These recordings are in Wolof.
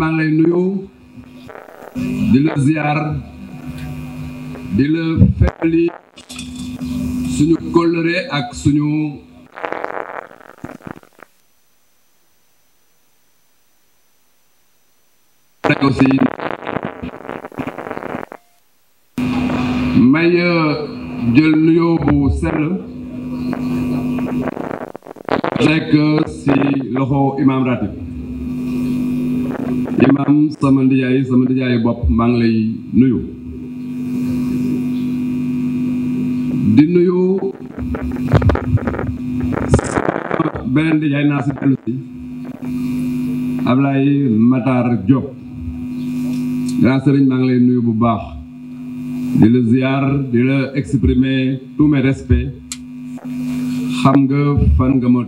maa ngi lay nuyu di la ziar di may euh, jël nuyoo bu sell rek euh, si loxo imam ratib imaam sama ndijaay sama ndijaayu bopp maa ngi lay nuyu di nuyu beneen ndijaay naa si dellu si Ablaye Matar Diop yaa sëriñ maa ngi lay nuyu bu baax di la ziar di la exprimer tous mes respects xam nga fan nga ma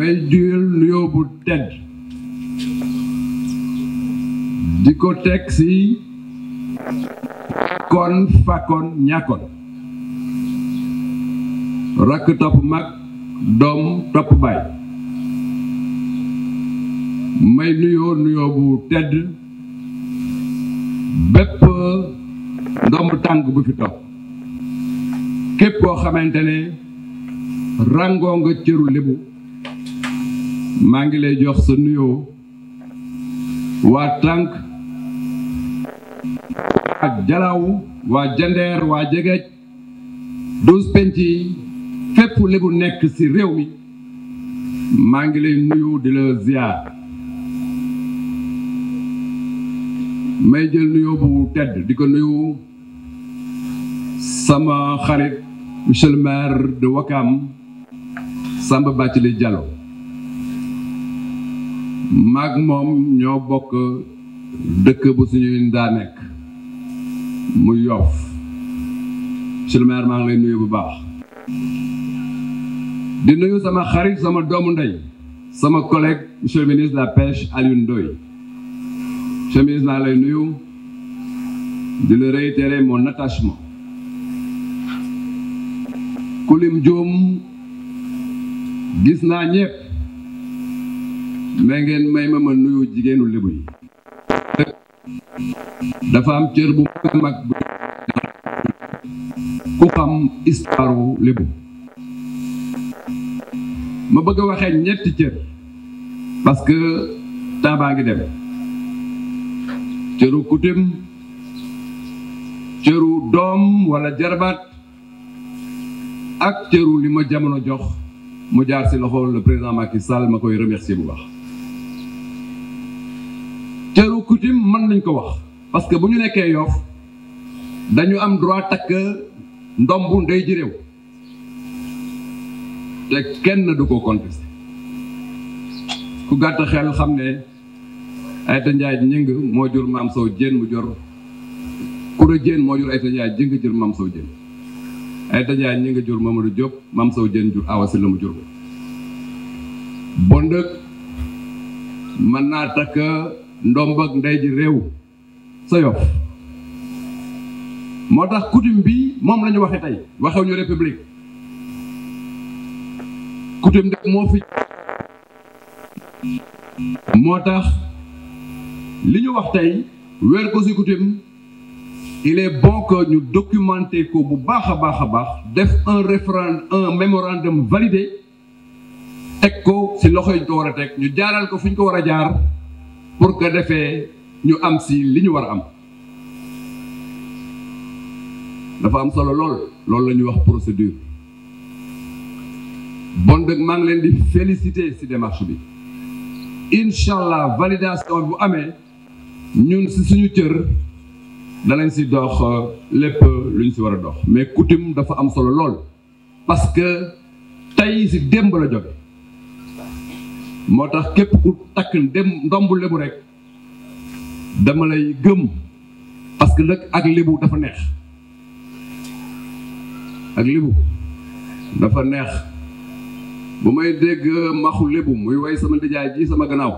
may juyal nuyoo bu tedd di ko teg si kon fakon ñàkkoon rakk topp mag doom topp baay may nuyoo nuyoo bu tedd bépp ndomb tànk bu fi topp képp koo xamante ne rangoo nga cëru lébu maa ngi lay jox sa nuyoo waa Tànk ak Jalaaw waa Jandeer waa Jegeej douze penc yi fépp lébu nekk ci réew mi maa ngi lay nuyu di la ziar may jël nuyoo bu tedd di ko nuyu sama xarit monsieur de Wakam Samba Bathily Diallo maag moom ñoo bokk dëkk bu suñuy daa nekk mu Yoff monsieur le maire maa ngi lay nuyu bu baax di nuyu sama xarit sama doomu ndey sama collègue monsieur le ministre la pêche Alioune Ndoye monsieur le lay nuyu di la réitérer mon attachement kulim juum gis naa ñëpp mais ngeen may ma ma nuyoo jigéenu lébu yi dafa am cër bu mag mag bu ku xam histoire lébu ma bëgg a waxee ñetti cër parce que temps ngi dem cëru coutume cëru doom wala jarbaat ak cëru li ma jamono jox mu jaar ci loxo le président Macky Sall ma koy remercier bu baax mën nañ ko wax parce que bu ñu nekkee yoof dañu am droit takk ndombu ndey ji te kenn du ko contesté ku gàtt xel xam ne Aïda Ndiaye Gningue moo jur ma am Sow Dieng mu jor Koura Dieng moo jur Aïda Ndiaye Gningue jur Mame Sow Dieng Aïda Ndiaye Gningue jur Mamadou Diop Mame Sow Dieng jur Awa Sylla mu jur ko bon dëkk mën naa takk ndomb ak ndey ji réew sa yof moo tax coutume bi moom la ñu waxe tey waxew ñu république coutume nag moo fi moo tax li ñu wax tey weer ko si coutume il est bon ñu documenter ko bu baax a baax a baax def un référendum un mémorandum validé teg ko si loxo yi ñu ko war a teg ñu jaaral ko fi ñu ko war a jaar pour que defee ñu am si li ñu war a am dafa am solo lool loolu la ñuy wax procédure bon dëgg maa ngi leen di féliciter si démarche bi incha allah validation bu amee ñun si suñu cër danañ si dox euh, lépp lu si war a dox mais coutume dafa am solo lool parce que tey si démb la jóge moo tax képp ku takk dem ndomb lebu rek dama lay gëm parce que nag ak lebu dafa neex ak lebu dafa neex bu may dégg maxu lebu muy way sama ndijaay ji sama gannaaw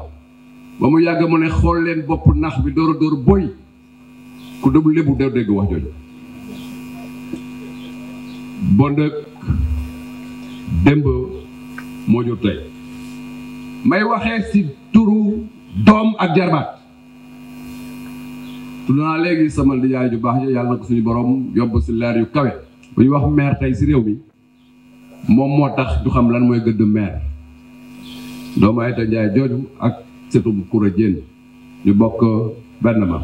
ba mu yàgg mu ne xool leen bopp nax bi door a door booy ku dul lebu doo dégg wax jooju bon nag démb moo jur tey may waxee ci turu doom ak jarbaat tudd naa léegi sama nijaay ju baax yàlla ko suñu boroom yóbbu si leer yu kawe bu ñu wax maire tey ci réew mi moom moo tax du xam lan mooy gëdd maire doomu Aïda Ndiaye jooju ak kur a Diène ñu bokk benn maam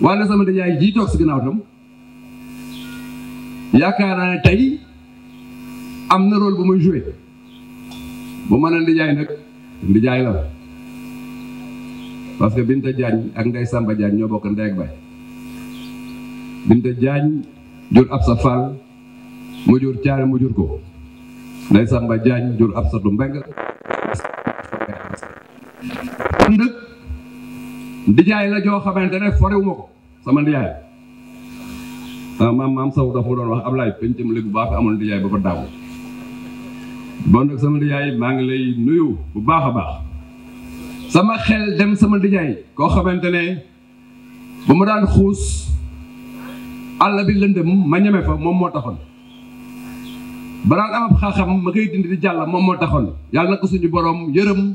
wala sama nijaay ji toog ci tam yaakaar naa tey am na rôle bu may joué bu mën a nijaay nag ndijaay la parce que Binta jaañ ak Ndey Samba Diagne ñoo bokk ndey ak bay Binta jaañ jur Absa Fall mu jur Caare mu jur ko Ndey Samba Diagne jur ab sa du Mbeng kon nag ndijaay la joo xamante ne forewuma ko sama ndijaay ah, maam maam saw dafa doon wax Ablaay pencam léegi bu baax amul ndijaay ba ko daaw bon nag sama lijaay maa ngi lay nuyu bu baax a baax sama xel dem sama nijaay koo xamante ne ba ma daan xuus àll bi lëndëm ma ñeme fa moom moo taxoon ba daan am ab xaaxam ma koy dindi di jàll moom moo taxoon yàlla na ko suñu borom yërëm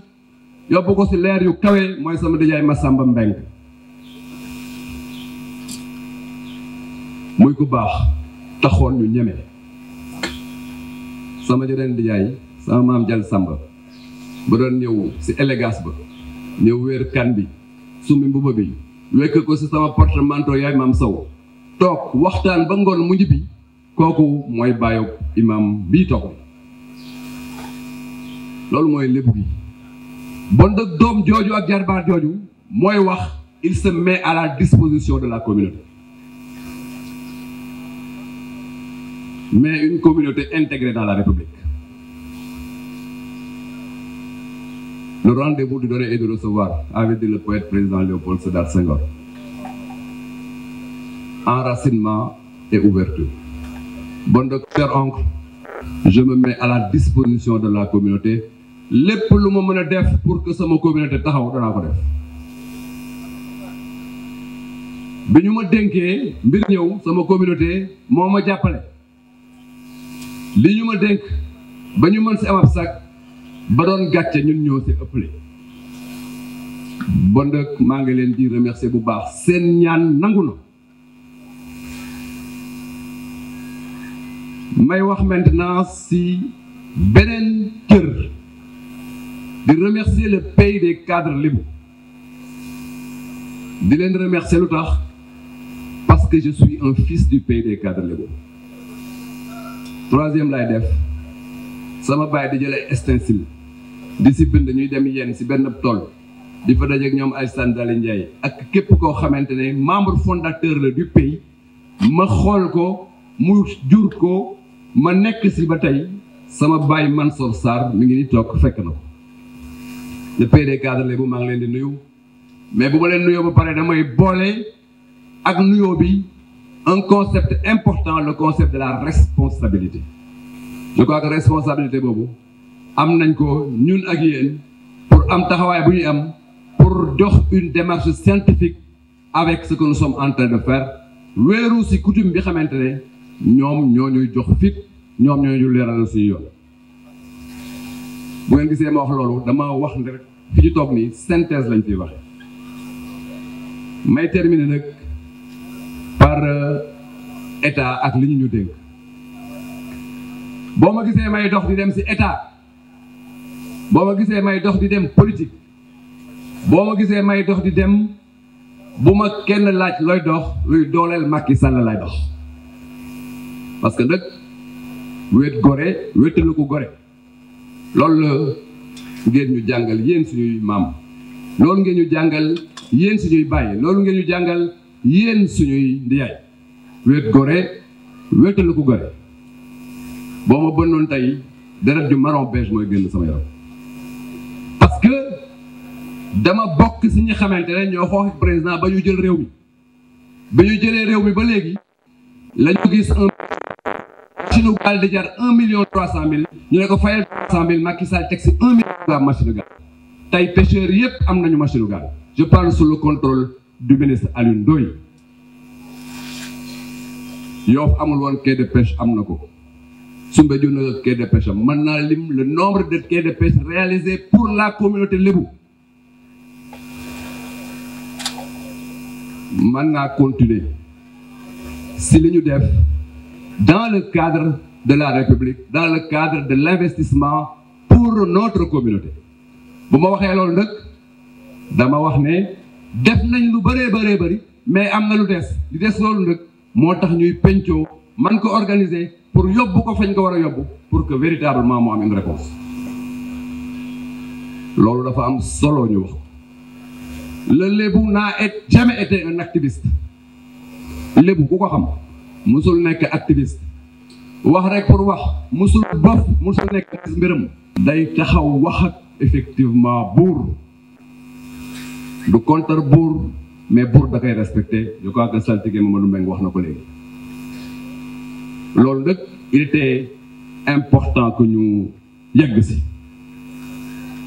yóbbu ko si leer yu kawe mooy sama nijaay Massamba Mbengue muy ku baax taxoon ñu ñeme sama joreen di jaay sama maam jal samba ba doon ñëw si élégance ba ñëw wéer kan bi summi mbuba bi wekk ko si sama portemanteau yaay maam saw toog waxtaan ba ngoon mu ñibbi kooku mooy bàyyoog imam bii toog loolu mooy lépp bi bon nag doom jooju ak jarbaar jooju mooy wax il se met à la disposition de la communauté mais une communauté intégrée dans la République. Le rendez-vous du donner et de recevoir, avait dit le poète président Léopold Sédar Senghor. Enracinement et ouverture. Bon docteur oncle, je me mets à la disposition de la communauté. lépp lu ma mën a def pour que sama communauté taxaw danaa ko def bi ñu ma dénkee mbir ñëw sama communauté moo ma jàppale li ñu ma dénk ba ñu mën si am ab ba doon gàcce ñun ñoo si li bon nag maa ngi leen di remercier bu baax seen ñaan nangu na may wax maintenant si beneen kër di remercier le pays des cadres libres di leen remercier lu tax parce que je suis un fils du pays des cadres libres troisième laay def sama baay di jëlee stencil di si bind ñuy dem yenn si benn tool di fa dajeeg ñoom Alassane Dali Ndiaye ak képp koo xamante ne membre fondateur la du pays ma xool ko mu jur ko ma nekk si ba tey sama man Mansour Sarr mu ngi ni toog fekk na ko le PD cadre Lébou maa ngi leen di nuyu mais bu ma leen nuyoo ba pare damay boole ak nuyoo bi un concept important le concept de la responsabilité je crois que responsabilité boobu am nañ ko ñun ak yéen pour am taxawaay bu ñuy am pour dox une démarche scientifique avec ce que nous sommes en de faire wéeru ci coutume bi xamante ne ñoom ñoo ñuy jox fit ñoom ñoo ñu leeral suñu yoon bu ngeen gisee ma wax loolu dama wax ne rek fi ñu toog nii synthèse lañ fiy waxee nag. Euh, état ak li ñu ñu boo ma gisee may dox di dem ci état boo ma gisee may dox di dem politique boo ma gisee may dox di dem bu ma kenn laaj looy dox luy dooleel Macky Sall lay dox parce que nag wéet gore wéetalu ko gore loolu la ngeen ñu jàngal yéen suñuy maam loolu ngeen ñu jàngal yéen suñuy bàyyi loolu ngeen ñu jàngal yéen suñuy ndiyaay wet gore wetalu ko gore boo ma bënnoon tey deret ju marron beige mooy génn sama yaram parce dama bokk si ñi xamante ne ñoo xoox ak président ba ñu jël réew mi ba ñu jëlee réew mi ba léegi la ñu gis jar un million trois cent mille ñu ne ko fayal trois cent mille Macky Sall teg si million la machine gaal tey pêcheurs yëpp am nañu machine gaal je parle le contrôle du ministre Alioune Ndoye Yoff amul woon quai de pêche am na ko Soumbédioune ak quai de pêche am mën naa lim le nombre de quais de pêche réalisés pour la communauté lébu mën naa continuer si li ñu def dans le cadre de la République dans le cadre de l'investissement pour notre communauté bu ma waxee loolu nag dama wax ne def nañ lu bëree bëree bëri mais am na lu des li des loolu nag moo tax ñuy pencoo man ko organiser pour yóbbu ko fañ ko war a yóbbu pour que véritablement mu am une réponse loolu dafa am solo ñu wax le lébu naa jamais été un activiste lébu ku ko xam musul nekk activiste wax rek pour wax musul bof musul nekk mbiram day taxaw wax ak effectivement buur du contre buur mais buur da koy respecté je crois que saltige Mamadou Mbengue wax na ko léegi loolu nag il était important ku ñu yegg si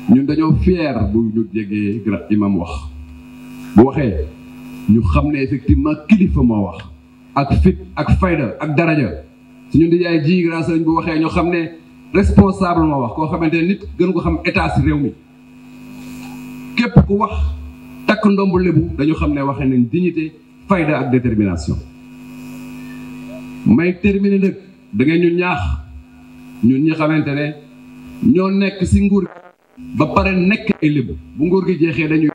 ñun dañoo fier bu ñu jegee gra imam wax bu waxee ñu xam ne effectivement kilifa moo wax ak fit ak fayda ak daraja suñu di yaay ji grand sëriñ bu waxee ñu xam ne responsable moo wax koo xamante ne nit gën ko xam état si réew mi képp ku wax takk ndomb lébu dañu xam ne waxee nañ dignité fayda ak détermination may terminer nag da ñu ñaax ñun ñi xamante ne ñoo nekk si nguur ba pare nekk ay lébu bu nguur gi jeexee dañuy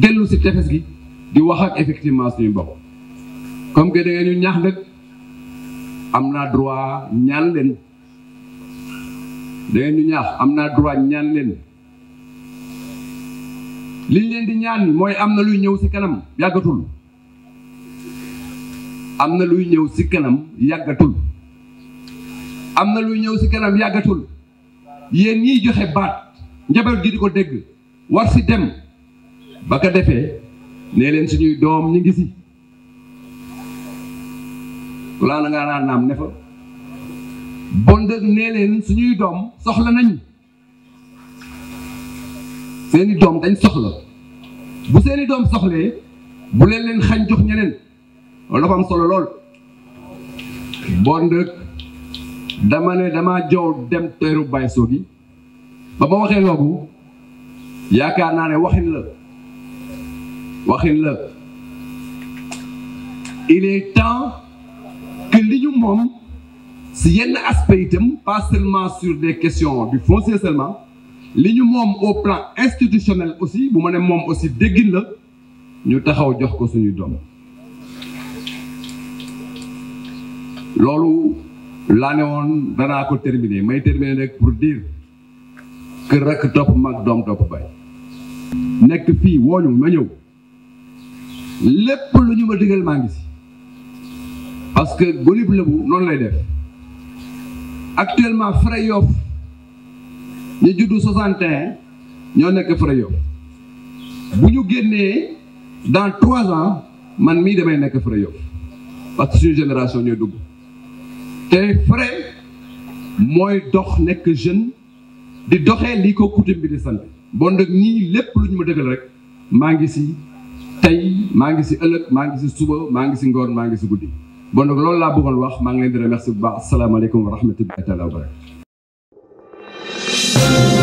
dellu si tefes gi di wax ak effectivement suñu bopp comme que da ñu ñaax nag am na droit ñaan leen da ñu ñaax am naa droit ñaan leen liñ leen di ñaan mooy am na luy ñëw ci kanam yàggatul am na luy ñëw ci kanam yàggatul am na luy ñëw ci kanam yàggatul yéen ñiy joxe baat njaboot gi di ko dégg war si dem ba ko defee nee leen suñuy doom ñu ngi si laa na ngaa naa naam ne fa bon de nee leen suñuy doom soxla nañ seeni doom dañ soxla bu seeni doom soxle bu leen leen xañ jox ñeneen loolu dafa am solo lool bon dëkk dama ne dama jow dem teeru Baye Sogi ba ma waxee loogu yaakaar naa ne waxin la waxin la il est temps que li ñu moom si yenn aspect itam pas seulement sur des questions du foncier seulement li ñu moom au plan institutionnel aussi bu ma ne moom aussi déggin la ñu taxaw jox ko suñuy doom loolu laa ne woon danaa ko terminer may terminer rek pour diir que rek topp mag doom topp bay nekk fii wooñu ma ñëw lépp lu ñu ma digal maa ngi si parce que Gonib Lebu noonu lay def actuellement Fra Yoff ñu juddu 61 ñoo nekk Freyio bu ñu génnee dans trois ans man mii damay nekk Freyio parce que génération ñooy dugg te Frey mooy dox nekk jeune di doxee lii ko coutume bi di sant bon nag nii lépp lu ñu ma dëggal rek maa ngi si tey maa ngi si ëllëg maa ngi si suba maa ngi si ngoon maa ngi si guddi bon nag loolu laa bëggoon wax maa ngi leen di remercier bu baax asalaamaaleykum wa rahmatullahi taala wa Thank you.